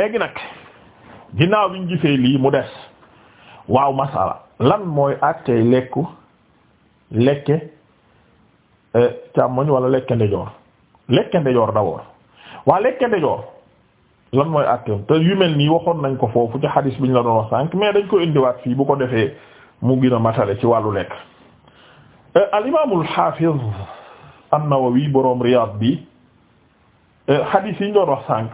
léegi nag ginnaaw bi ñu gisee lii mu des waaw masala lan mooy àttee lekku lekke euh, càmmoñ wala lekke ndejoor lekke ndejoor d'abord waa lekke ndejoor lan mooy àtteem te yu mel nii waxoon nañ ko foofu ci xadis bi ñu la doon wax sànq mais dañ ko indiwaat fii bu ko defee mu gina a matale ci wàllu lekk euh, al imaamul xaafiz an-Nawawi boroom Riyaad bi euh, xadis yi doon wax sànq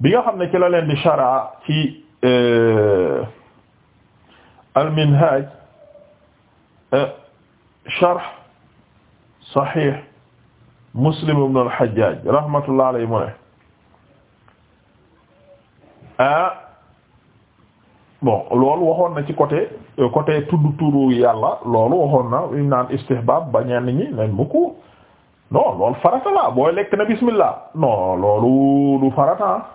bi nga xam ne ci la leen di shara ci euh, al-Minhaj euh, sharh Sahih Muslim ibn al-Hajjaj rahmatullah alayhi mu ne ah, bon loolu waxoon na ci côté euh, côté tudd turu yàlla loolu waxoon na ñu naan istihbab ba ñenn ñi leen mukk non loolu farata la booy lekk na bismillah non loolu du farata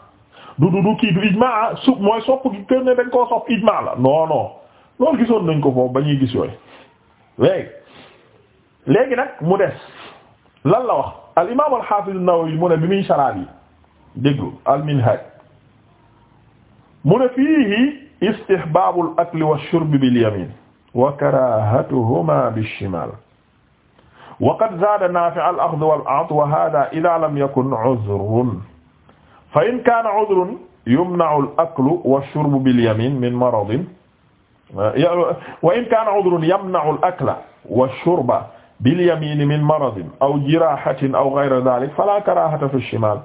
du du du kii du ijmaa ah, su mooy sopp gi kër ne dañ koo sopp ijmaa la non non loolu gisoon nañ ko foofu ba ñuy gis yooyu léegi léegi nag mu des lan la wax al imaam al xaafiz an-Nawawi mu ne bi muy saraab yi déglu al minhaj mu ne fiihi istihbaabul akli wa shurbi bil yamin wa karaahatuhuma bishimaal wa qad zaada naafi' al axd wal a't wa haaza idaa lam yakun uzrun fa in kaana udrun yumna'u al-aklu wash-shurbu bil-yamin min maradin wa in kaana udrun yamna'u al-akla wash-shurba bil-yamin min maradin aw jirahatin aw ghayri dhalik fala karahata fi ash-shimal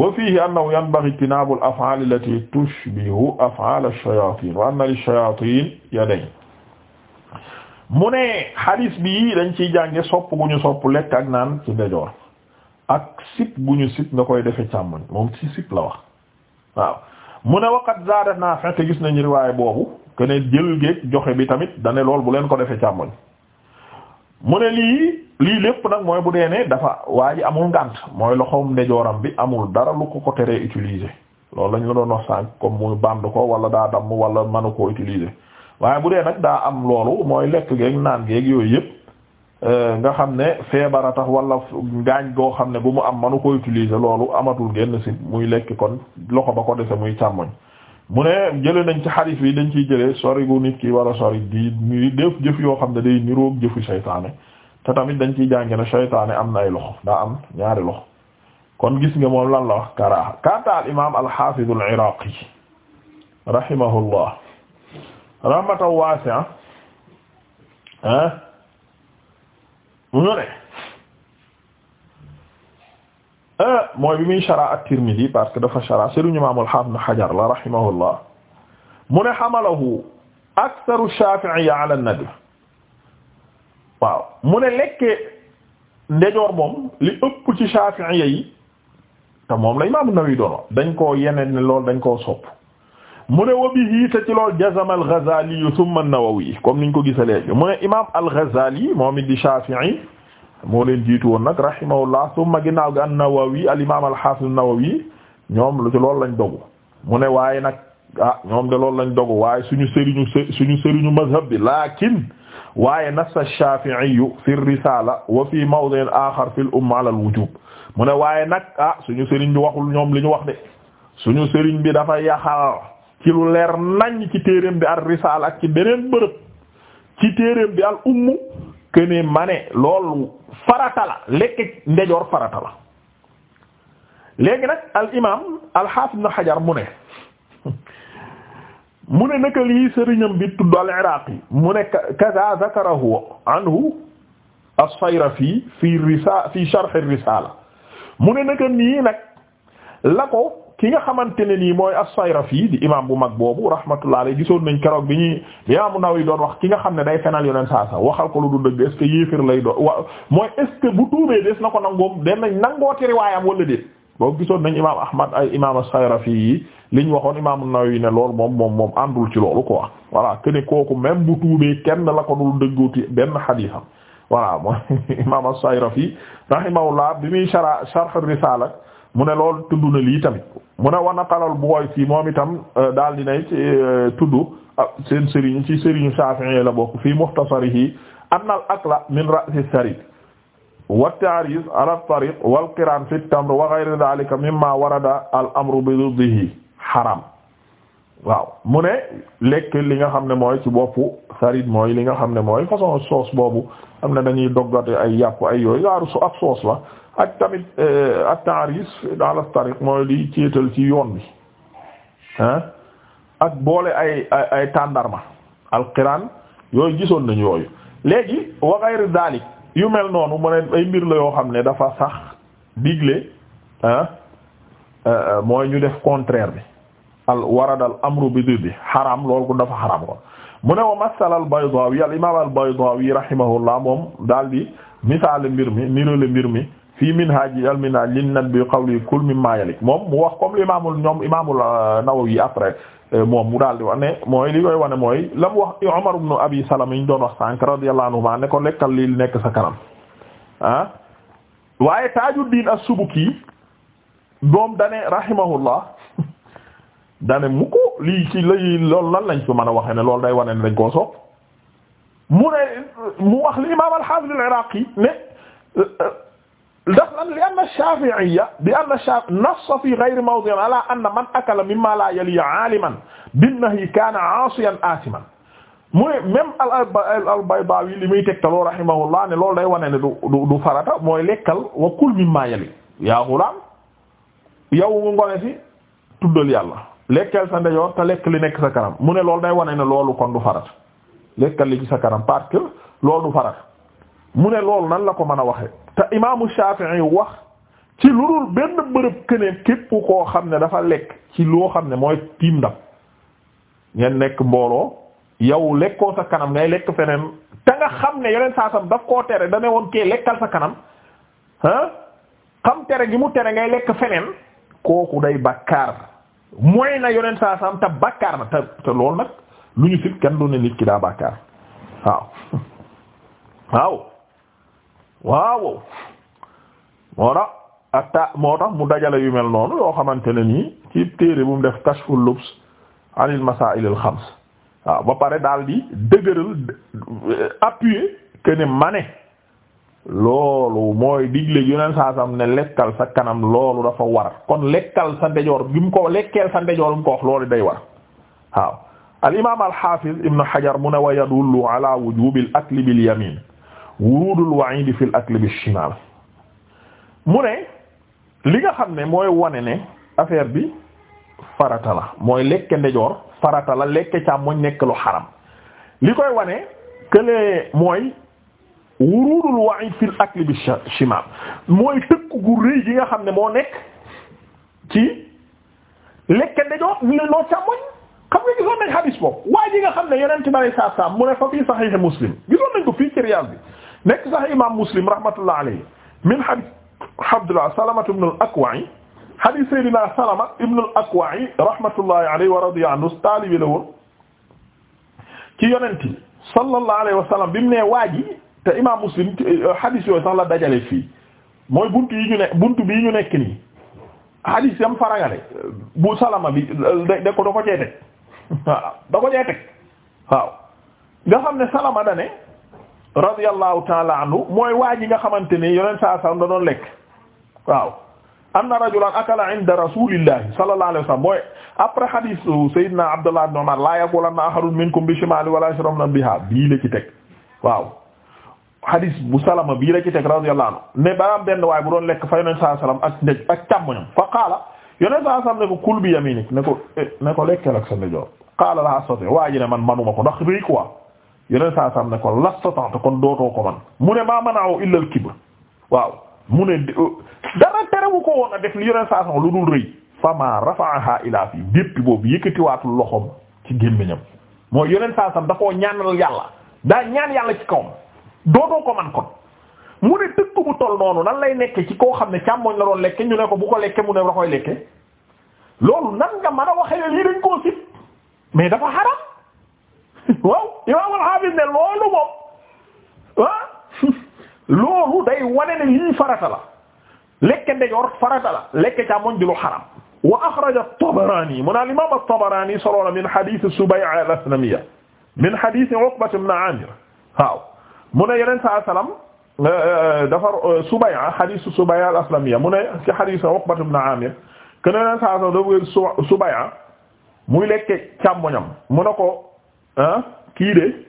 wa fihi annahu yanbaghi ijtinabu al-af'al allati tushbihu af'al ash-shayatin wa anna lish-shayatin yadayn mu ne hadis bi dañ ciy jànge sopp gu ñu sopp lekk ak naan ci ndejoor ak sip bu ñu sip nga koy defee càmmoñ moom si sip la wax waaw mu ne waqat zaada Naafi' te gis na nañu waaye boobu que ne jël géeg joxe bi tamit dane lool bu leen ko defee càmmoñ mu ne lii lii lépp nag mooy bu dee ne dafa waa ji amul ngànt mooy loxoom ndejooram bi amul dara lu ko ko teree utiliser loolu lañ la doon wax sànq comme mu band ko wala daa damm wala manu koo utiliser waaye bu dee nag daa am loolu mooy lekk geek naan géeg yooyu yëpp Euh, nga xam ne feebar a tax wala ngaañ goo xam ne bu mu am manu ko utiliser loolu amatul génn si muy lekk kon loxo ba ko dese muy càmmoñ mu ne jële nañ ci xadis bi dañ ciy jëlee sori gu nit ki war a sori di ñuy def jëf yoo xam ne day niroog jëfu saytaane te tamit dañ ciy jànge ne saytaane am na ay loxo daa am ñaari loxo kon gis nga moom lan la wax karaaha kanta al imam alhafidu al iraqi rahimahullah rahmatan wasi'a mu ne ah, mooy bi muy shara at-Tirmidhi parce que dafa shara sëriñ Imaam al-Hafiz Hajar la rahimahullah mu ne hamalahu aktharu ash-Shafi'iyya ala an-nadb waaw mu ne lekke ndejoor moom li ëpp ci Shafi'iyya yi te moom la Imaam An-Nawawi doon wax dañ koo yeneen ne loolu dañ koo sopp mu ne wa bihi te ci lool jazama al-Ghazali thumma an-Nawawi comme niñ ko gisa léegi mu ne imam al-Ghazali moom it di Shafi'i moo leen jiitu woon nag rahimahullah thumma ginnaaw gi an-Nawawi al-imam al-Hafiz an-Nawawi ñoom lu ci lañ dogu mu ne waaye nag ah ñoom de loolu lañ dogu waaye suñu sëriñu suñu sëriñu mazhab bi lakin waaye nas ash-Shafi'i fi ar-risala wa fi mawdi' akhar fi al-umma al-wujub mu ne waaye nag ah suñu sëriñ bi waxul ñoom li wax de suñu sëriñ bi dafa yaxal ci lu leer nañ ci téereem bi ar risaala ak ci beneen bërëb ci téereem bi al ummu këne ma loolu farata la lekk ndejoor farata la léegi nag al imaam al xaafis ibn xajar mu ne mu ne naka lii sëriñam bi tudd al iraaqi mu ne kaza zakarahu anhu as-sayrafi fi risa fi sharh risaala mu ne naka nii nag la ki nga xamante ne nii mooy as-Sayrafi di imam bu mag boobu rahmatullah alayhi gisoon nañ keroog bi ñuy imam naw yi doon wax ki nga xam ne day fenal yoneen saa sa waxal ko lu du dëgg est ce que yéefir lay doon wa mooy est bu tuubee des na ko nangoom den nañ nangooti riwaayam wala déet boobu gisoon nañ imam Ahmad ay imam as-Sayrafi yi liñ waxoon imam An-Nawawi ne loolu moom moom moom àndul ci loolu ko voilà que ne kooku même bu tuubee kenn la ko dul dëggooti benn xadiisam voilà mooy imam as-Sayrafi rahimahullah bi muy sharh Risala mu ne loolu tudd lii tamit mu ne wa naqala al-Buwaysi moom itam euh, daal di nay euh, tudd ah, seen sëriñ ci sëriñ Shafi'i la bokk fii mukhtasarihi anna al-akla min ra's ash-sharik wa at-ta'riz ala at-tariq wal fi at-tamr wa ghayri dhalika mimma warada al-amru bi diddihi haram waaw mu ne lekk li nga xam ne mooy ci boppu sarid mooy li nga xam ne mooy façon sauce boobu am na dañuy doggate ay yàpp ay yooyu yaaru su ab la ak tamit eh, ak ta'ris ala tariq mooy liy céetal ci yoon bi ak boole ay ay ay tàndarma alqiran yooyu gisoon nañu yooyu léegi wa ghayr yu mel noonu mu ne ay mbir la yoo xam ne dafa sax digle ah mooy ñu def contraire bi al waradal amru bi diddi xaram loolu ko dafa xaram ko mu ne wa masal al-Baydawi al-imam al-Baydawi rahimahullah moom daal di misaale mbir mi nirale mbir mi fii minhaaji al-minhaaj lin-nabi qawli kul mimmaa yalik moom mu wax comme l'imamul ñoom imamul euh, Nawawi après euh, moom mu daal di wax ne mooy li koy wane mooy la mu wax Umar ibn Abi Salama ñu doon wax sànq radiyallahu anhuma ne ko lekkal li nekk sa kanam ah waaye Tajuddin as-Subuki moom dane rahimahullah dane mu ko lii ci lay loolu lan lañ ci mën a waxee ne loolu day wane ne dañ koo sopp mu ne mu wax li imam al al-Iraqi ne ndax lan li anna ash-Shafi'iyya bi anna ala anna man akala mimma la yali aliman bin-nahyi kana 'asiyan mu al-Baydawi li muy tegtaloo rahimahullah ne loolu day wane ne du farata mooy lekkal wa kul mimma yali yaa ghulam yow mu ngone si tuddal yàlla lekkal sa ndeyoor te lekk li nekk sa kanam mu ne loolu day wane ne loolu kon du farat lekkal li ci sa kanam parce que loolu du farat mu ne loolu nan la ko mën a waxe te imaamu Shafi'i wax ci lu dul benn bërëb këne képp koo xam ne dafa lekk ci loo xam ne mooy tiim ndab ngeen nekk mbooloo yow lekkoo sa kanam ngay lekk feneen te nga xam ne yeneen saasam daf koo tere da woon kee lekkal sa kanam ah xam tere gi mu tere ngay lekk feneen kooku day bakkaar mooy na yonen saa saam te bàkkaar na te te loolu nag lu ñu sit kenn du ne nit ki daa bàkkaar waaw waaw waaw moo tax ak ta moo tax mu dajale yu mel noonu yoo xamante ne nii ci téere bu mu def kashful lubs anil masaa'il al xams waaw ba pare daal di dëgëral appuyer que ma ne loolu mooy digle yoneen saa ne lekkal sa kanam loolu dafa war kon lekkal sa ndejoor bi mu ko lekkeel sa ndejoor bi mu ko wax loolu day war waaw al imaam al xaafiz ibn hajar mu ne wa yadullu ala wujubil akli bil yamin wurudul wa'id fil akli bil shimal mu ne li nga xam ne mooy wane ne affaire bi farata la mooy lekke ndejoor farata la lekke càmmoñ nekk lu xaram li koy wane que mooy wurudul wa'id fil akli bi shimam mooy tëkk gu rëy gi nga xam ne moo nekk ci lekke dañoo loo càmmoñ xam nga gisoon nañ xadis boobu waaye ji nga xam ne yeneen ci bari saa saam mu ne fa fii sahih muslim gisoon nañ ko fii ci Riyad bi nekk sahih imam muslim rahmatullah alayhi min hadith Abdullah Salama ibn al-Akwa'i hadith Sayyidina Salama ibn al-Akwa'i rahmatullahi alayhi wa radiya anhu taalibi la woon ci yonent sallallahu alayhi wa sallam bi mu ne waaji te imaam muslim euh, hadith yooyu sax la dajale fii mooy buntu yi ñu ne buntu bii ñu nekk nii hadith yam faragale bu salama bi euh, da ko da ko cee teg waaw da xam ne salama da ne radiyallahu ta'ala anhu mooy waa ji nga xamante ne yeneen saa saa da doon lekk waaw anna rajulan akala inda rasulillahi sallallahu alayhi wa mooy après hadithu sayyidina abdullah ibn umar la yaqulanna ahadun minkum bi shimali wala yashrabanna biha bii la ci teg waaw hadis bu salama bii la ci teg radiyallahu anhu ne baraam benn waaye bu doon lekk fa yonent saa sallam ak ndej ak càmmoñam fa qaala yonent saa sallam ne ko kul bi yaminik ne ko eh, ne ko lekkel ak sa ndejoor qaala la astati waa ji ne man manuma ko ndax réy quoi yonent saa sallam ne ko lastatante kon dootoo ko man mu ne maa manaahu illa al kibr waaw mu ne dara terewu ko woon a def li yonent saa sallam lu dul rëy fama rafa'aha ilaa fii déppi boobu yëkkatiwaatul loxoom ci gémmiñam mooy da koo yàlla daa ñaan yàlla ci dootoo man kon mu ne tëkk bu toll noonu nan lay nekke ci koo xam ne càmmoñ la doon lekke ñu ne ko bu ko lekke mu ne la koy lekke loolu nan nga mën a waxee lii dañ koo sit mais dafa haram waaw al-Hafiz ne loolu moom ah loolu day wane ne lii farata lekke ndejoor farata la lekke càmmoñ di lu haram wa axraja at-Tabarani mu ne al-imaam at-Tabarani solola min hadith Subay' al-Aslamiyya min hadith Uqba ibn Amir waaw mu ne yeneen saa salaam euh, euh, dafa euh, Subay'a ah, xadiisu Subay'a al-Aslamiyya mu ne ci xadiisu Uqbat ibn Amir que yeneen saa salaam dafa wér Subay'a ah, muy lekke càmmoñam mu ne ko ah kii de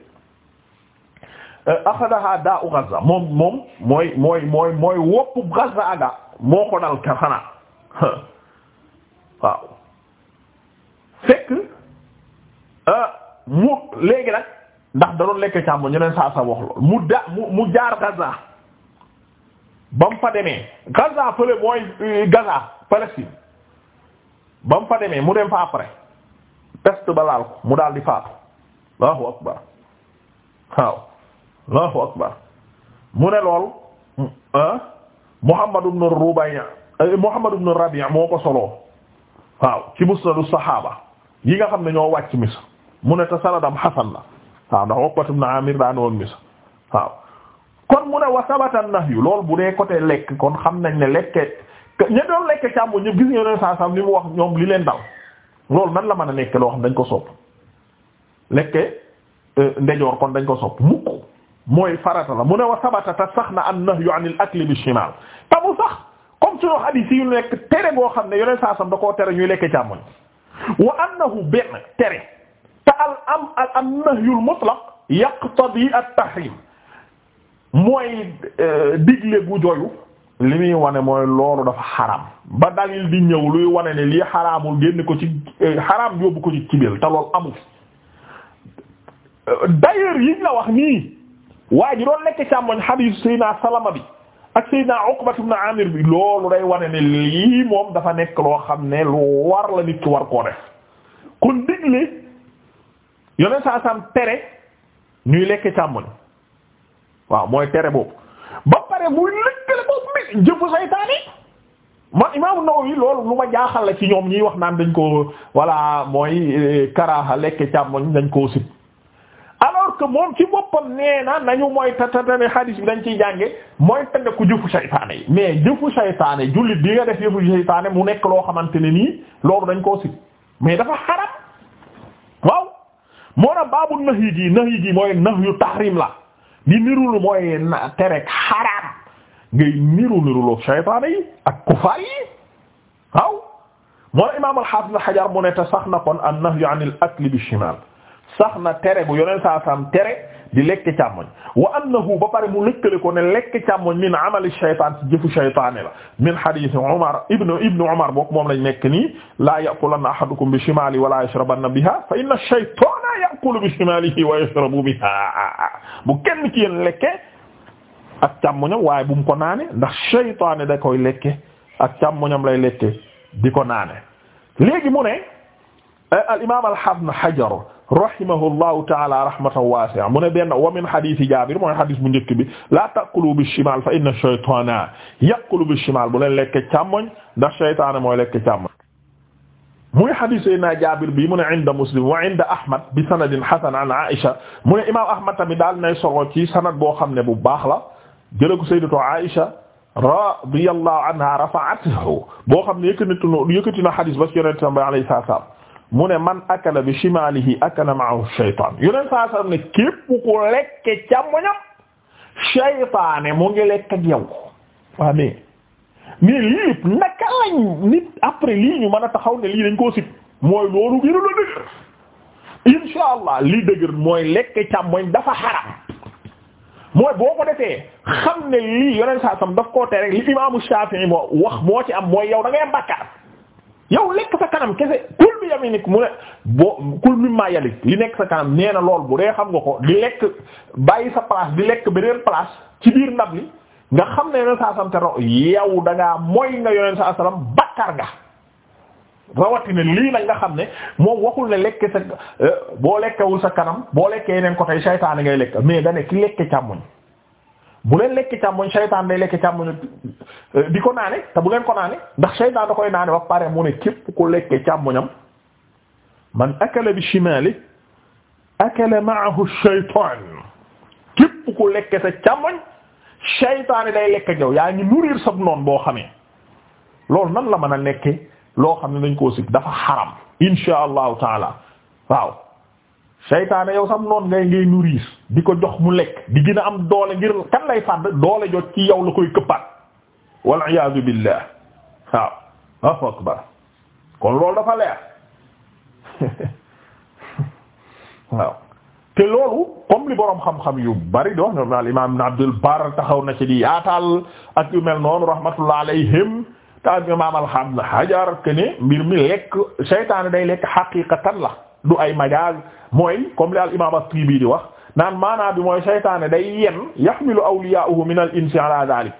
axadaha daa'u Gaza moom moom mooy mooy mooy mooy woppu Gaza aga moo ko dal ka xanaa waaw fekk ah, mu léegi nag. ndax da doon lekk càmmoñ ñu leen saa sa wax mu da mu mu jaar Gaza ba mu fa demee Gaza fële mooy euh, Gaza Palestine ba mu fa demee mu dem fa après peste ba laal ko mu daal di faatu Allahu akbar waaw Allahu akbar mu ne lool ah, Muhammad ibn Rubai' euh, Muhammad ibn Rabi' moo ko ci musnadu saxaaba nga xam ne ñoo mu ne te sanadam hasan la waaw ndax Uqbat ibn Amir daan mi mis waaw kon mu ne wa sabata nahyu lool bu dee côté lekk kon xam nañ ne lekke ña doon lekke càmmo ñëpp gis nga ne saa sam li mu wax ñoom li leen dal loolu nan la mën a nekke loo xam dañ ko sopp lekke euh, ndejoor kon dañ ko sopp mukk mooy farata la mu ne wa sabata sax na am nahyu an al akli bi shimal ta mu sax comme ci wax hadith yu nekk tere goo xam ne yoneen saa sam da koo tere ñuy lekke càmmoñ wa annahu benn tere te al am al am nahyul mutlaq yaqtadi at tahrim mooy euh, digle gu joyu li muy wane mooy loolu dafa xaram ba dalil di ñëw luy wane ne lii xaraamul génn ko ci euh, xaraam yóbbu ko ci kibeel te loolu amu day yi yiñ la wax nii waa ji doon lekk càmmoñ xadiis Seydina Salama bi ak Seydina Uqbat ibn Amir bi loolu day wane ne dafa nekk loo xam ne lu war la nit ki war koo def kon digle yoneen saa saam tere ñuy lekk càmmoñ waaw mooy tere boobu ba pare bu lëkkale boobu mi jëfu saytaane man Imam An-Nawawi loolu lu ma jaaxal la ci ñoom ñiy wax naan dañ ko walla mooy eh, karaaxa lekk càmmoñ dañ koo sib alors que moom ci boppam nee na nañu mooy tatatane hadis bi dañ ciy jànge mooy tënne ku jëfu saytaane yi mais jëfu saytaane jullit bi nga def jëfu saytaane mu nekk loo xamante ne nii loolu dañ koo sib mais dafa xaram moo tax baabu nax yi gii nax yi gii mooy nax yu tahrim la di nirulu mooy terek xaraam ngay niru niruloo shaytaane yi ak kufaar yi waaw moo tax imaam al-Hafiz Hajar mu ne te sax na kon an nahyu an al akli bi shimal sax na tere gu yoneen saa sam tere di lekk càmmoñ wa annahu ba pare mu lëkkale ko ne lekk càmmoñ min amali shaytaan ci jëfu shaytaane la min hadith Umar ibn ibn Umar boog moom lañ nekk nii laa ya'kulanna ahadukum bi shimali wala yashrabanna biha fa inna shaytaana ya'kulu bi shimalihi wa yashrabu biha bu kenn ci yéen lekke ak càmmoñam waaye bu ko naane ndax shaytaane da koy lekke ak càmmoñam lay lekke di ko naane Eh, al imaam al haafid Hajar rahimahullahu ta'ala rahmatan waasi'a mu ne benn wa min hadiisi Jaabir mooy hadiis bu njëkk bi laa ta'kulu bishimaal fa inna shaytaana ya'kulu bishimaal bu leen lekk càmmoñ ndax shaytaan mooy lekk càmmoñ. muy hadiis Seydina Jaabir bi mu ne inda Muslim wa inda Ahmad bi sanadin hasan an Aisha mu ne imaam Ahmad tamit daal nay solo ci sanad boo xam ne bu baax la jëlee ko Sayyidatu Aisha radiyallahu anha rafa'athu boo xam ne yëkkati na yëkkati na hadiis ba ci Yonent bi alayhi salaam mu ne man akala bi shimalihi akala ma'ahu shaytaan yoneen saa sallam ne képp ku lekke càmmoñam shaytaane mu ngi lekk ak yow waaw mais mais lii lépp naka lañ nit après lii ñu mën a taxaw ne lii dañ koo sib mooy loolu gënu la dëgër insha allah lii dëgër mooy lekke càmmoñ dafa xaram mooy boo ko defee xam ne lii yoneen saa sallam daf koo tere li imaamu Shaafi'i moo wax moo ci am mooy yow da ngay bàkkaar yow lekk sa kanam kese kul bi yaminik mu ne boo kul mi maa li nekk sa kanam nee na lool bu dee xam nga ko di lekk bàyyi sa place di lekk beneen place ci biir ndab li nga xam ne yoneen saa salam te raw yow da ngaa mooy nga yoneen saa salam bakkar nga rawatina lii nag nga xam ne moom waxul ne lekk sa euh, boo lekkewul sa kanam boo lekkee yeneen ko tey saytaane ngay lekk mais da ne ki lekk càmmoñ bu leen lekk càmmoñ seytaan day lekk càmmoñ euh, di ko naane te bu leen ko naane ndax seytaan da koy naane ba pare mu ne képp ku lekke càmmoñam man akala bi shimali akala ma'ahu shaytan képp ku lekke sa càmmoñ seytaan yi day lekk ak yow yaa ngi nourrir sab noon boo xamee loolu nan la mën a nekke loo xam ne dañ koo sib dafa xaram insha allahu taala waaw seytaane yow sam noon ngay ngay nourrir di ko jox mu lekk di gën am doole ngir kan lay fàdd doole jot ci yow la koy këppaat wal iyaazu billah waaw Allahu akbar kon loolu li boroom xam-xam yu bari do ñoom taxaw na ci di yaatal ak yu mel noonu rahmatullah alayhim ta imam al Hajar ke ne mbir mi lekk seytaane day lekk xaqiqatan la du ay majaaz mooy comme li al imam at-Tibi di wax naan maanaa bi mooy saytaane day yen yaxmilu awliya'uhu min al-insi ala dalik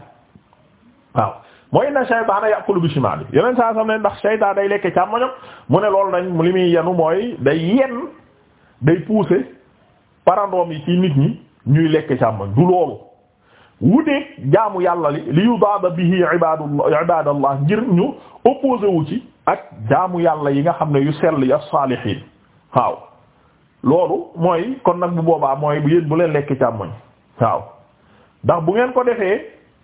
waaw mooy na saytaane yàqulu bi ndax saytaan day lekke càmmoñam mu ne loolu nañ li muy mooy day yen day pousser parandoom yi nit ñi ñuy lekk càmmoñ du loolu wuteeg jaamu yàlla li li bi bihi ibadullah ibadallah ngir ñu opposé wu ak jaamu yàlla yi nga xam ne yu sell yi as waaw loolu mooy kon nag bu boobaa mooy bu yéen bu leen lekk càmmoñ waaw ndax bu ngeen ko defee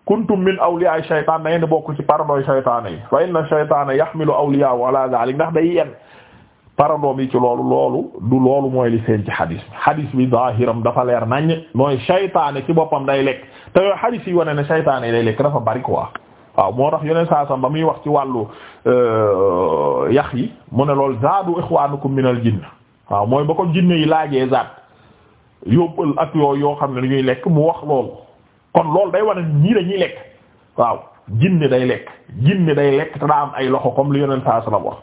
kuntum min awliya shaytaan da ngeen di bokk ci parandoy shaytaana yi fa inna shaytaana yaxmilu awliya ala zalik ndax day yenn parandoom yi ci loolu loolu du loolu mooy li seen ci xadis bi dafa leer naññ mooy shaytaane ci boppam day lekk te yooyu xadis yi wane ne yi day lekk dafa bari quoi waaw moo tax yeneen saa sam ba muy wax ci wàllu euh, yax yi mu ne loolu zaadu ixwaanukum minal jinn waaw mooy ba ko jinne yi laajee zaat yóbbal ak yooyu yoo xam ne dañuy lekk mu wax loolu kon loolu day wane ñii lañuy lekk waaw jinne day lekk jinne day lekk te daa am ay loxo comme li yoneen saa sala wax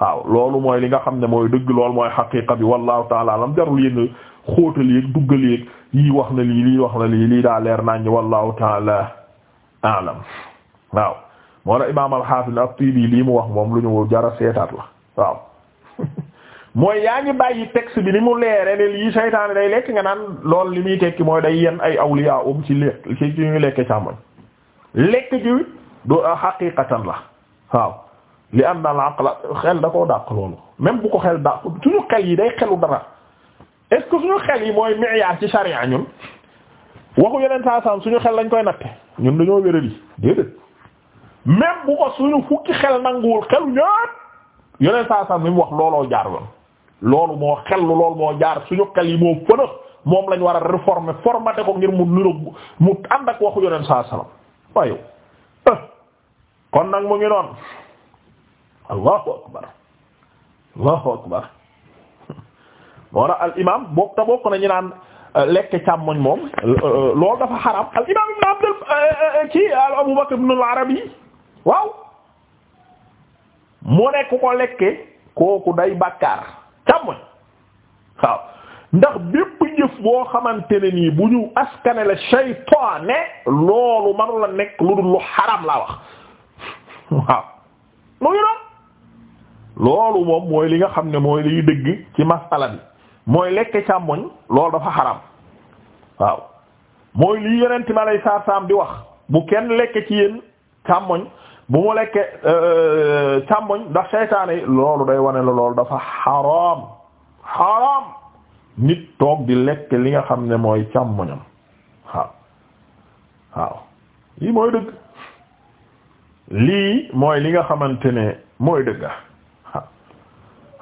waaw loolu mooy li nga xam ne mooy dëgg lool mooy xaqiqa bi wallahu taala alam jarul yéen xóotal yéeg duggal yéeg lii wax na lii lii wax na lii lii daa leer nañ wallahu taala alam waaw moo na imaam al-Hafiz lii mu wax moom lu ñu jara seetaat la waaw mooy yaa ngi bàyyi texte bi ni mu leere ne lii saytaane day lekk nga naan lool li muy tekki mooy day yenn ay awliya um ci lekk ci ci ñu lekk càmmoñ lekk ci du xaqiqatan euh, la waaw li am na la aqla xel da koo dàq loolu même bu ko xel dàq suñu xel yi day xelu dara est-ce que xel yi mooy miyaar ci sharia ñun waxu yeneen saa saam suñu xel lañ koy natte ñun dañoo wéradi déedéet même bu ko suñu fukki xel nanguwul xelu ñëpp yeneen saa saam li mu wax looloo jaar woon loolu moo xel lool moo jaar suñu xel yi moo fënax moom lañ war a réformer formaté ko ngir mu niru mu ànd ak waxu yoneen saa salaam waaye eh, kon nag mu ngi noon allahu akbar allahu akbar moo al imaam bokk ta bokk na naan eh, lekk càmmoñ moom eh, loolu dafa xaram al imaam ibn abu bakr ibn al arabi waaw mu nekk ko lekke kooku day bàkkaar càmmoñ waaw ndax bépp jëf boo xamante ne nii bu ñu askane la ne loolu manu la nekk lu dul lu xaram laa wax waaw mu ngi doon loolu moom mooy li nga xam ne mooy liy dëgg ci masala bi mooy lekk càmmoñ loolu dafa xaram waaw mooy lii yonent ma lay saar saam di wax bu kenn lekk ci yéen càmmoñ bu mu lekke euh, euh, càmmoñ ndax seytaane yi loolu day wane la loolu dafa xaraam xaraam nit toog di lekk li nga xam ne mooy càmmoñam waaw waaw lii mooy dëgg lii mooy li nga xamante ne mooy dëgg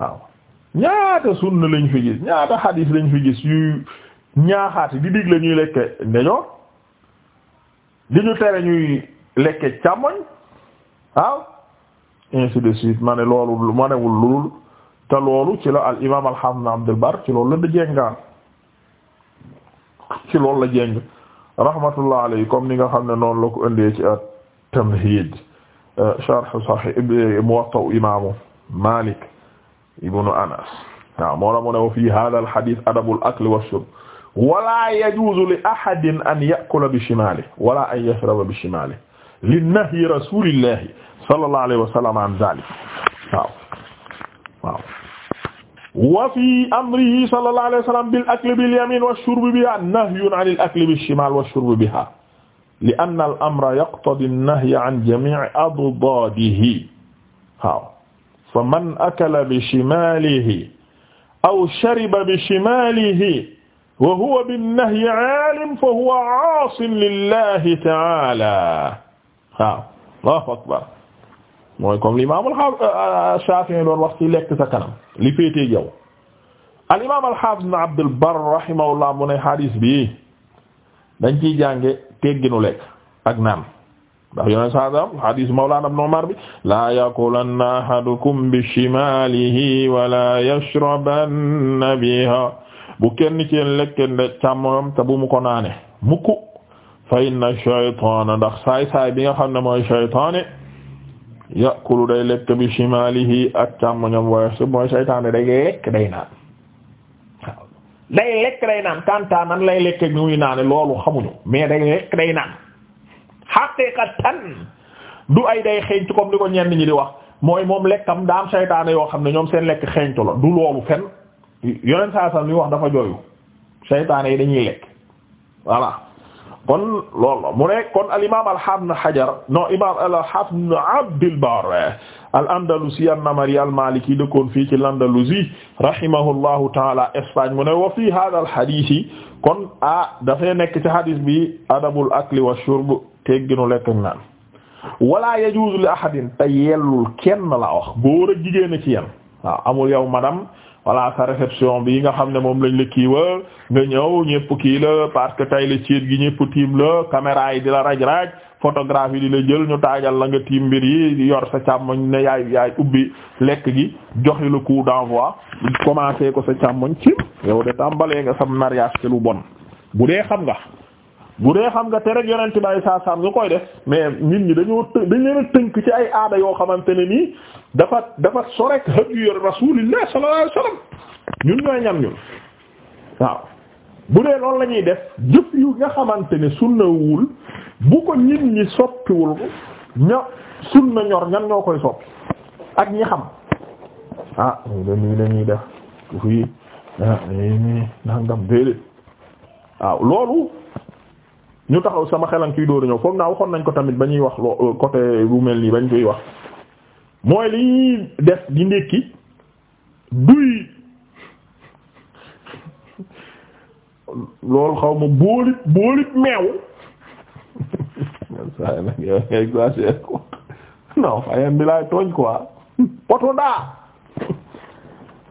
waaw ñaata sunna lañ fi gis ñaata xadiis lañ fi gis yuy ñaaxaati di dig la ñuy lekke ndejoor di ñu tere ñuy lekke càmmoñ waaw ainsi de suite ma ne loolu ma newul lulul te loolu ci la al imaam alhamdulillah Abdul Bar ci loolu la da jéngaan ci loolu la jéng rahmatullah alayhi comme ni nga xam ne noonu la ko indee ci at tamhid sharh sahih muwatta imaamu Malik ibnu Anas waaw moo la mu ne wa fi hadha al hadith adabul akl washurb wala yajuzu li ahadin an ya'kula bi shimalihi wala an yashraba bi shimalihi li nahyi rasulillahi sallallahu alayhi wa sallam an zalik waaw waaw wa fi amrihi sallallahu alayhi wa sallam bil akli bil yamin wash-shurbi biha nahyun an al akli bish-shimal wash-shurbi biha li anna al amra yaqtadi an-nahya an jami'i addaadihi waaw fa man akala bishimalihi aw shariba bishimalihi wa huwa bin-nahyi 'aalim fa huwa 'aasin lillahi ta'ala waaw Allahu akbar mooy comme l'imam al-Shafi'i doon wax ci lekk sa kanam li féetee yow al imam al-Hafiz ibn Abd al-Barr rahimahullah mu ne hadis bi dañ ciy jànge tegginu lekk ak naan ndax yoneen saa sam hadis mawlana ibn Umar bi la yakulanna ahadukum bi shimalihi wala yashrabanna biha bu kenn ci lekk càmmoom te bu mu ko naane mukk fa inna shaytaana ndax saay saay bi nga xam ne mooy shaytaane yakulu day lekk bi shimaalihi ak càmmoñam waaye su mooy lekk day naan waaw day lay lekk ni muy naane mais day lekk day ay day xeeñtu comme ni ko di wax mooy moom lekkam daam shaytaane yoo xam ne ñoom seen lekk xeeñtu la du loolu fen yoneen saa sam wax dafa jooyu shaytaane yi dañuy lekk voilà kon loolu mu ne kon al imaam al haafid Hajar non imaam al haafid Abdul Barr al andalusi an-Namari al maliki dëkkoon fii ci l'Andalousie rahimahullahu taala Espagne mu ne wa fii haaza al hadiis kon ah dafay nekk ci hadis bi adabul akli wa shurb tegginu lekk ak naan wala yajuuzu li ahadin te yellul kenn la wax góor ak jigéen ci yéen waaw amul yow madame voilà sa réception bi nga xam ne moom lañ la kiiwa nga ñëw ñëpp kii la parce que tay la ciit gi ñëpp tiim la caméra yi di la raj-raj photographe yi di la jël ñu taajal la nga tiim mbir yi yor sa càmmoñ ne yaay yaay ubbi lekk gi joxe le coup d'envoi commencé ko sa càmmoñ ci yow de tàmbalee nga sam mariage ci bon bu dee xam nga bu dee xam nga tere yonent bi saa saam nga koy def mais nit ñi dañoo dañ leen a tënk ci ay aada yoo xamante ne nii dafa dafa sorek hadiyu rasulillah sallallahu alayhi wasallam ñun ñooy ñam ñun waaw bu dee loolu lañuy def jëf yu nga xamante ne sunnawul bu ko nit ñi soppiwul ña sunna ñor ñan ñoo koy soppi ak ñi xam ah lii la ñuy def fii ah, loolu. ñu taxaw sama xelan ciy dóoru ñëw foog naa waxoon nañ ko tamit ba ñuy wax loo euh, côté bu mel nii bañ koy wax mooy li def di ndékki duy loolu xaw ma boolit boolit meew saa nag yow tooñ quoi poto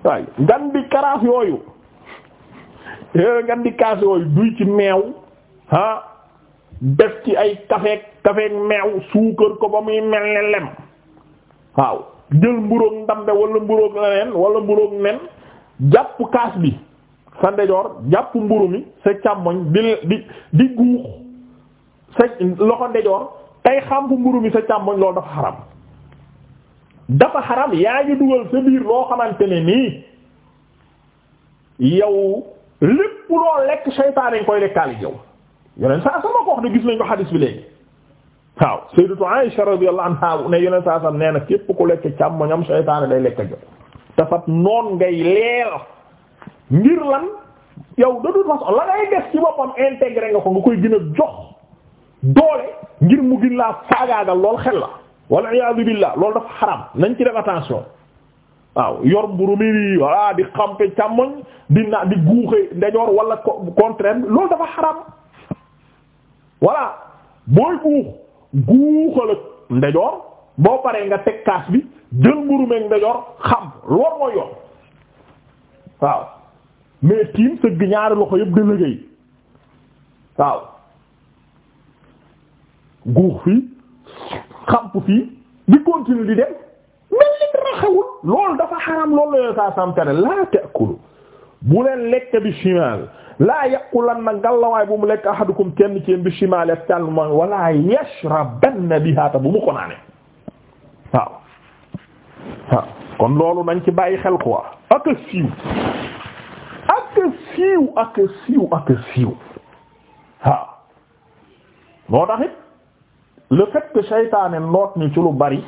waaye ngan di karaas yooyu ngan di kaas yooyu duy ci meew def ci ay kafeeg kafeeg meew suukar ko ba muy mel ne lem waaw jël mburoog ndambe wala mburoog leneen wala mburoog nen jàpp kaas bi sa ndejoor jàpp mburu mi sa càmmoñ di di di guux sa loxo ndejoor tey xam mburu mi sa càmmoñ loolu dafa xaram dafa xaram yaa ngi dugal sa biir loo xamante ne nii yow lépp loo lekk seytaane nga koy lekkaal yow yeneen saa sax ma ko wax ne gis nañ ko xadis bi léegi waaw sayyidatu Aisha radiyallahu anha ne yeneen saa sax nee na képp ku lekk càmmoñam seytaane day lekk jot dafat noon ngay leel ngir lan yow de toute la ngay des ci boppam intégré nga ko nga koy gën jox doole ngir mu gën laa faagaagal lool xel la walla iyaadu billah di xampe càmmoñ di na di guuxe ndajoor wala contraire loolu dafa xaram voilà booy guux guuxal ak ndejoor boo paree nga teg kaas bi jël mburu meeg ndejoor xam loolu mooy yoon waaw mais tiim sëgg ñaari loxo yëpp dë liggéey waaw guux fii xamp fii di continuer di dem mel ni dara xewul loolu dafa xaram loolu la yoon saa samtare laa te akulu bu leen lekk bi chimal laa yaqulanna ngallawaay bu mu lekk ahadukum kenn ci bi shimaali ak càlluman wala yashrabanna biha ta bu mu ko naane waaw waaw kon loolu nañ ci bàyyi xel quoi ak siiw ak siiw ak siiw siiw waaw moo tax it le fait noot ñu ci bari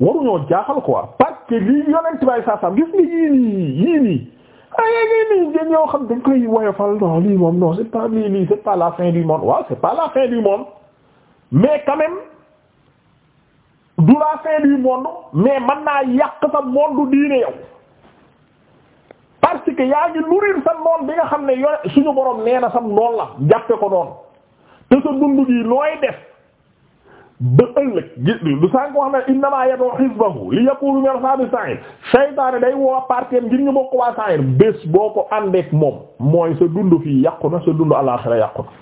waruñoo jaaxal quoi parce que lii yonent bay saasam gis nga yii ah yéen ñii ñoom ñoo xam dañ koy woyofal non lii moom non c'est pas lii lii c'est pas la fin du monde waaw c'est pas la fin du monde mais quand même du la fin du monde mais mën naa yàq sa monde diine yow. parce yaa ngi nourrir sa noon bi nga xam ne yore suñu borom nee na sam la jàppe ko noonu te sa dund gi nooy def ba ëllëg du sànq wax na innamaa yad'u hizbahu li yakunu min ashaabi sa'ir day woo parteem ngir bokk waa sa'ir bés boo ko àndeek moom mooy sa dund fii yàqu na sa dund alaaxira yàqu na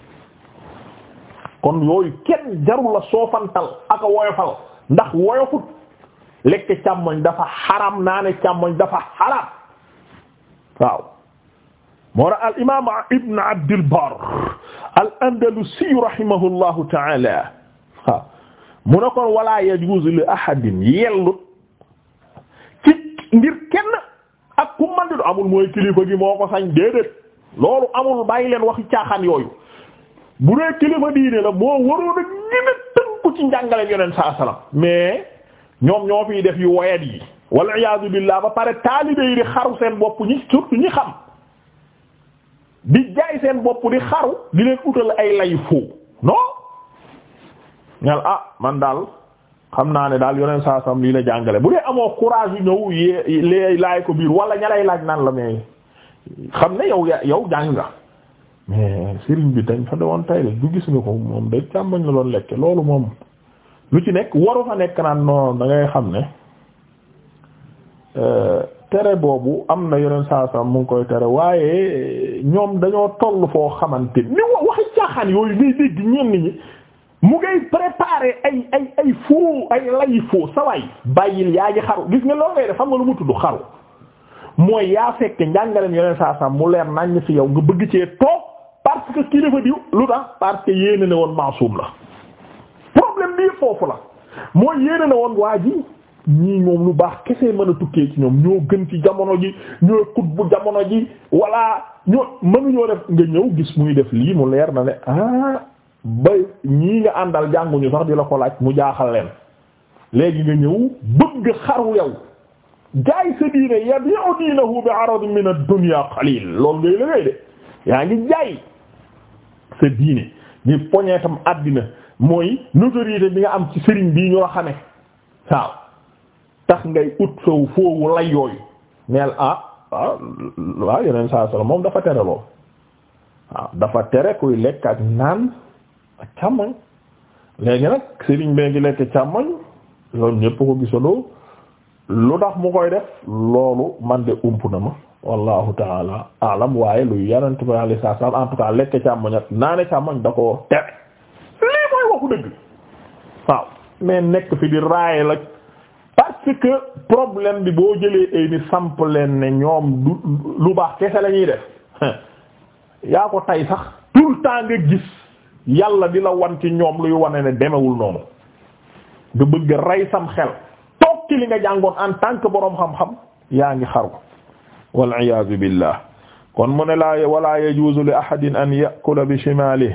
kon yooyu kenn jarul soofantal ak woyofal ndax woyofut lekk càmmoñ dafa xaram naa ne càmmoñ dafa xaram waaw al imaam ibn Abdil al Andalusi rahimahullahu ta'ala mu ne kon wala yajuuzu li ahadin yellut ci ngir kenn ak ku man di amul mooy kilifa gi moo ko sañ déedéet loolu amul bàyyi leen waxi caaxaan yooyu bu dee kilifa diine la moo waroon a gën a tënku ci njàngaleem yoneen saa salaam mais ñoom ñoo fiy def yu woyat yi wal iyaadu billaah ba pare taalibe yi di xaru seen bopp ñi surtout ñi xam di jaay seen bopp di xaru di leen utal ay lay foofu non ñal ah man daal xam naa ne daal yoneen saa sam lii la jàngale bu dee amoo courage yu ñëw yee lee laay ko biir wala ña laaj naan la mais xam ne yow yow jàng nga mais sëriñ bi dañ fa doon tay la du gis nga ko moom day càmbañ la doon lekke loolu moom lu ci nekk waru fa nekk naan noonu da ngay xam ne euh, tere boobu am na yeneen saa saa mu ngi koy tere waaye ñoom dañoo toll foo xamante ni waxi caaxaan yooyu ngay dégg ñenn ñi mu ngay préparer ay ay ay faux ay lay faux sawaay bàyyil yaa ngi xaru gis nga loolu ngay def xam nga lu mu tudd xaru mooy yaa fekk njàngaleen yoneen saa saa mu leer nañ fi yow nga bëgg cee toog parce que kii dafa diw lu tax parce que yéene ne woon maasum la problème bi foofu la mooy yéene ne woon waa ji ñii ñoom lu baax kese mën a tukkee ci ñoom ñoo gën ci jamono ji ñoo xut bu jamono ji walla ñoo mënuñoo def nga ñëw gis muy def lii mu leer na ne ah ba ñii nga àndal jànguñu sax di la ko laaj mu jaaxal leen léegi nga ñëw bëgg xaru yow jaay sa diine yabi'u diinahu bi aradin min ad-dunya qalil loolu ngay liggéey de yaa ngi jaay sa diine di poñeetam àddina mooy notoriété bi nga am ci sëriñ bii ñu la xame waaw tax ngay ut sow foowu lay yooyu neel ah, ah waaw yeneen saa solo moom dafa tere lool waaw dafa tere kuy lekk ak naan ak càmmoñ léegi nag sëriñ bee ngi lekk càmmoñ loolu ñépp ko gisandoo lu tax mu koy def loolu man de ump na ma wallahu taala alam waaye luy yanant bi alei sat u en tout cas lekk càmmoñ ak naa ne càmmoñ da ko tere lii mooy waxu dëgg waaw mais nekk fi di raaye la parce que problème bi boo jëlee ay ni samp leen ne ñoom du lu baax kese la ñuy def yaa ko tay sax tout temps nga gis yàlla di la wan ci ñoom luy wane ne demewul noonu nga bëgg rey xel toog li nga jàngoon en tant que boroom xam-xam yaa ngi xaru wal iyaazu billah kon mu ne la wala yajuuzu li ahadin an yakula bi shimalihi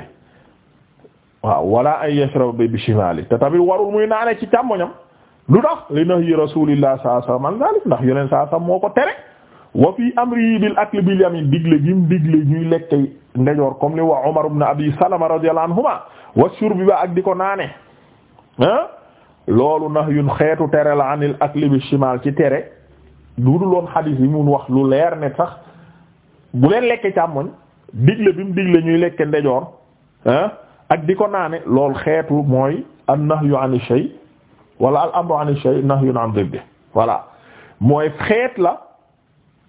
waaw wala an yashraba bi shimalihi te tamit warul muy naane ci càmmoñam lu tax li nahyi rasulillah sallallahu alayhi wasallam an zalik ndax yeneen saa sam moo ko tere wa fi amrihi bil akli bil yamin digle jim digle ñuy lekk ndejoor comme li wa Umar ibn Abi Salama radiyallahu anhuma wa shurbi ba ak di ko naane ah loolu nahyun xeetu tere la anil ak bi shimal ci tere duudul woon xadiis yi mun wax lu leer ne tax bu leen lekke càmmoñ digle bi mu digle ñuy lekke ndejoor ak di ko naane lool xeetu mooy an nahyu an shay wala al amru an shay nahyun an dibbi voilà mooy xeet la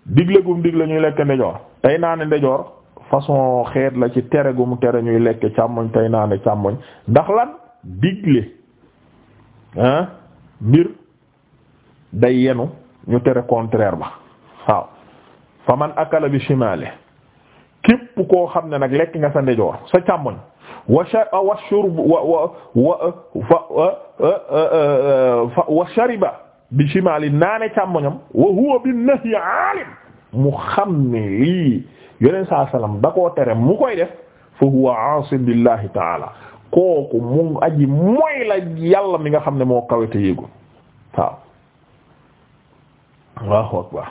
digle bu gum digle ñuy lekke ndejoor tey naane ndejoor façon xeet la ci tere gu mu tere ñuy lekk càmmoñ tey naane càmmoñ ndax lan digle ah mbir day yenu ñu tere contraire ba waaw fa man akala bi shimali képp koo xam ne nag lekk nga sa ndejoor sa càmmoñ wa wa shariba bi shimali naane càmmoñam wa huwa bi nahyi alim mu xam ne lii yoneen saa salaam da koo tere mu koy def fa huwa aasim lillahi taala kooku mu aji mooy la yàlla mi nga xam ne moo kawete yéegul waaw allahu akbar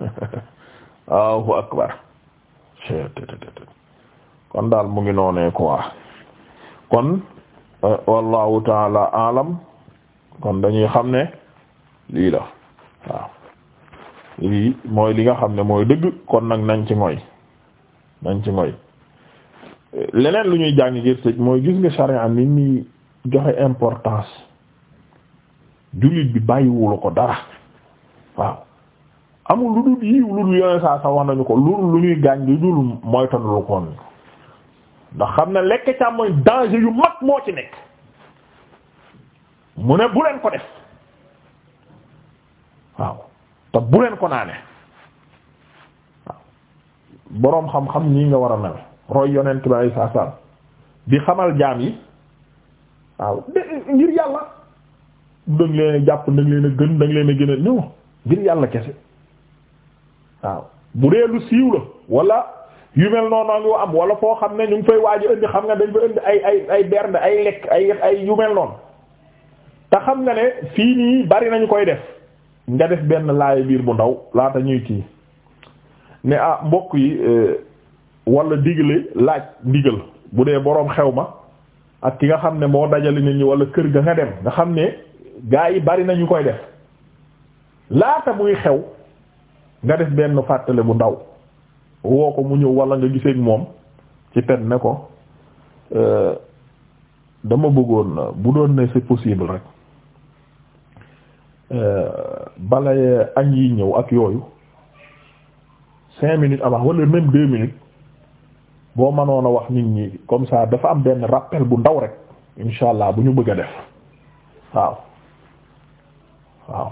allahu akbar kon daal mu ngi noonee quoi kon eh, wallahu taala alam kon dañuy xam ne lii la waaw lii mooy li nga xam ne mooy dëgg kon nag nañ ci mooy nañ ci mooy leneen lu ñuy jàng ngir tëj mooy gis nga sharia nit ñi joxe importance jullit bi bàyyiwula ko dara waaw amul lu dul yiw lu dul yone saa sa wax nañu ko loolu lu ñuy gaañ lu dul moytandiku koon ndax xam ne lekk ca mooy danger yu mag moo ci nekk mu ne bu leen ko def waaw te bu leen ko naane boroom xam-xam nii nga war a mel roy yonent bi ay saa saa di xamal jaam yi waaw ngir yàlla da leen jàpp da leen a gën da leen a gën a ñëw ngir yàlla kese waaw bu dee lu siiw la wala yu mel noonu yu am wala foo xam ne ñu ngi fay waaj indi xam nga dañ fa indi ay ay ay bernde ay lekk ay ay yu mel te xam nga ne fii nii bari nañu koy def. nga def benn laay biir bu ndaw laata ñuy kii ne ah mbokk yi euh, wala digle laaj ndigal bu dee boroom xew ma ak ki nga xam ne moo dajale nit ñi wala kër ga nga dem nga xam ne gaa yi bari nañu koy def laata muy xew nga def benn fàttale bu ndaw woo ko mu ñëw wala nga giseeg moom ci pen ne ko euh, dama bëggoon bu doon ne c'est possible rek Euh, bala añ yi ñëw ak yooyu cinq minutes avant wala même deux minutes boo mënoon a wax nit ñi comme ça dafa am benn rappel bu ndaw rek insha allah bu ñu bëgg a def waaw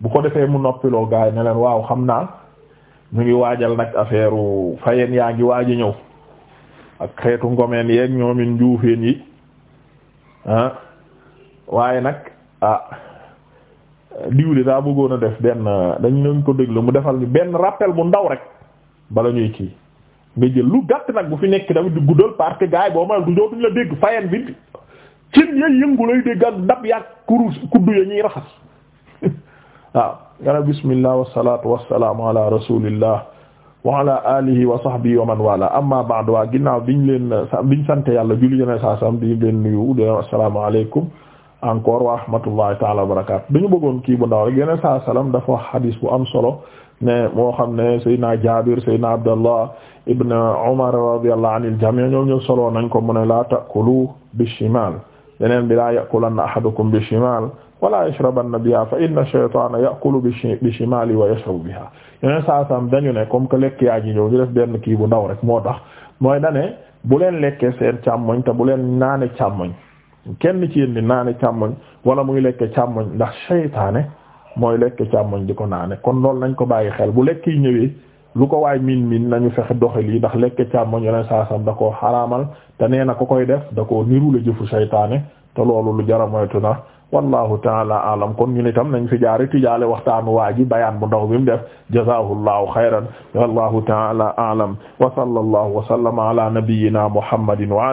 bu ko defee mu noppiloo gars yi waaw xam naa ñu ngi waajal nag affaire fayeen yaa ngi waaj a ñëw ak xeetu ngomeen yee ñoomin njuufeen yi ah. waaye nag ah diw de daa bëggoon a def benn dañ leen ko déglu mu defal ñu benn rappel bu ndaw rek bala ñuy kii nga jël lu gàtt nag bu fi nekk tamit di guddal parce que gars boo mënal du ñëw duñ la dégg fayen bi cin ya yëngu lay dégg ak ndab yaag kurus kuddu ya ñuy raxas waaw nga ne bismillah wasalatu wasalaamu ala rasulillah wa ala alihi wa sahbihi wa man wala amma ba'du waa ginnaaw biñ leen biñ sant yàlla julli yoneen saa sam di leen nuyu de assalaamu alaykum encore wa rahmatullahi taala wa barakatu dañu bëggoon kii bu ndaw rek yeneen saa salaam dafa wax hadis bu am solo ne moo xam ne Seydina Jaabir Seydina Abdallah ibn Umar radiyallahu anil jami' ñoom ñu solo nañ ko mu ne la ta'kulu bishimal beneen bi la ya'kulanna ahadukum bishimal wala yashrabanna biha fa inna shaytana ya'kulu bishimali wa yashrabu biha yeneen saa salaam dañu ne comme que lekk yaa ji ñëw ñu def benn kii bu ndaw rek moo tax mooy dane bu leen lekkee seen càmmoñ te bu leen naane càmmoñ kenn ci yéen di naane càmmoñ wala muy lekk càmmoñ ndax seytaane mooy lekk càmmoñ di ko naane kon lool nañ ko bàyyi xel bu lekk yi ñëwee lu ko waay miin miin nañu fexe doxe lii ndax lekk càmmoñ yeneen saasam da koo xaraamal te nee na ko koy def da koo niru la jëfu seytaane te loolu lu jara moytu na wallahu taala alam kon ñu ni tam nañ fi jaari tijaale waxtaanu waa ji bayaan bu ndaw bi mu def jazahullahu xayran wallahu taala alam wa sallallahu wa sallama ala nabiyyina muhammadin wa